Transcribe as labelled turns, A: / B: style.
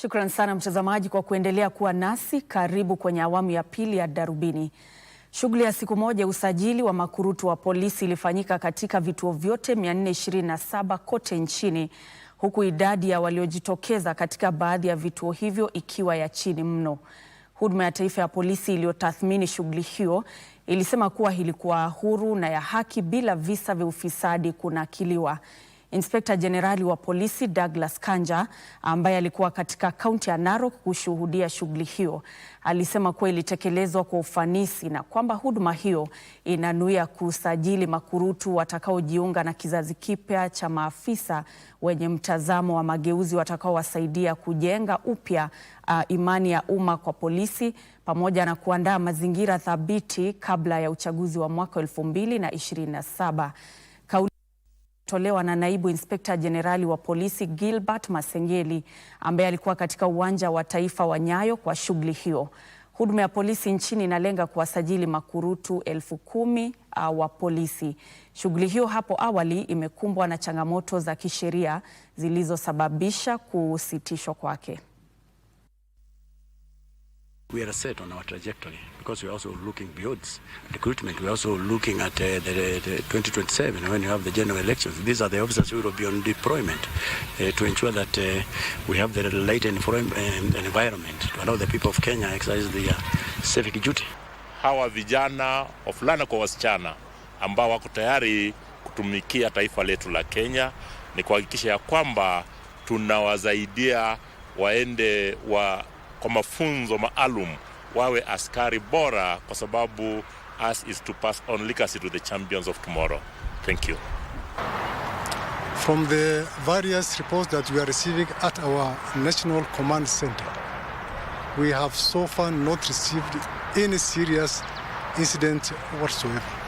A: Shukran sana mtazamaji kwa kuendelea kuwa nasi. Karibu kwenye awamu ya pili ya Darubini. Shughuli ya siku moja usajili wa makurutu wa polisi ilifanyika katika vituo vyote 427 kote nchini, huku idadi ya waliojitokeza katika baadhi ya vituo hivyo ikiwa ya chini mno. Huduma ya Taifa ya Polisi iliyotathmini shughuli hiyo ilisema kuwa ilikuwa huru na ya haki bila visa vya ufisadi kunakiliwa. Inspekta Jenerali wa polisi Douglas Kanja ambaye alikuwa katika kaunti ya Narok kushuhudia shughuli hiyo alisema kuwa ilitekelezwa kwa ufanisi na kwamba huduma hiyo inanuia kusajili makurutu watakaojiunga na kizazi kipya cha maafisa wenye mtazamo wa mageuzi watakaowasaidia kujenga upya uh, imani ya umma kwa polisi pamoja na kuandaa mazingira thabiti kabla ya uchaguzi wa mwaka 2027 tolewa na naibu inspekta jenerali wa polisi Gilbert Masengeli ambaye alikuwa katika uwanja wa taifa wa Nyayo kwa shughuli hiyo. Huduma ya polisi nchini inalenga kuwasajili makurutu elfu kumi ah, wa polisi. Shughuli hiyo hapo awali imekumbwa na changamoto za kisheria zilizosababisha kusitishwa kwake we are set on our trajectory because we are also looking beyond recruitment. We are also looking at uh, the, the 2027 when you have the general elections. These are the officers who will be on deployment uh, to ensure that uh, we have the right um, environment to allow the people of Kenya exercise their uh, civic duty. Hawa vijana wavulana kwa wasichana ambao wako tayari kutumikia taifa letu la Kenya ni kuhakikisha ya kwamba tunawazaidia waende wa kwa mafunzo maalum wawe askari bora, kwa sababu us is to pass on legacy to the champions of tomorrow. Thank you. From the various reports that we are receiving at our National Command Center, we have so far not received any serious incident whatsoever.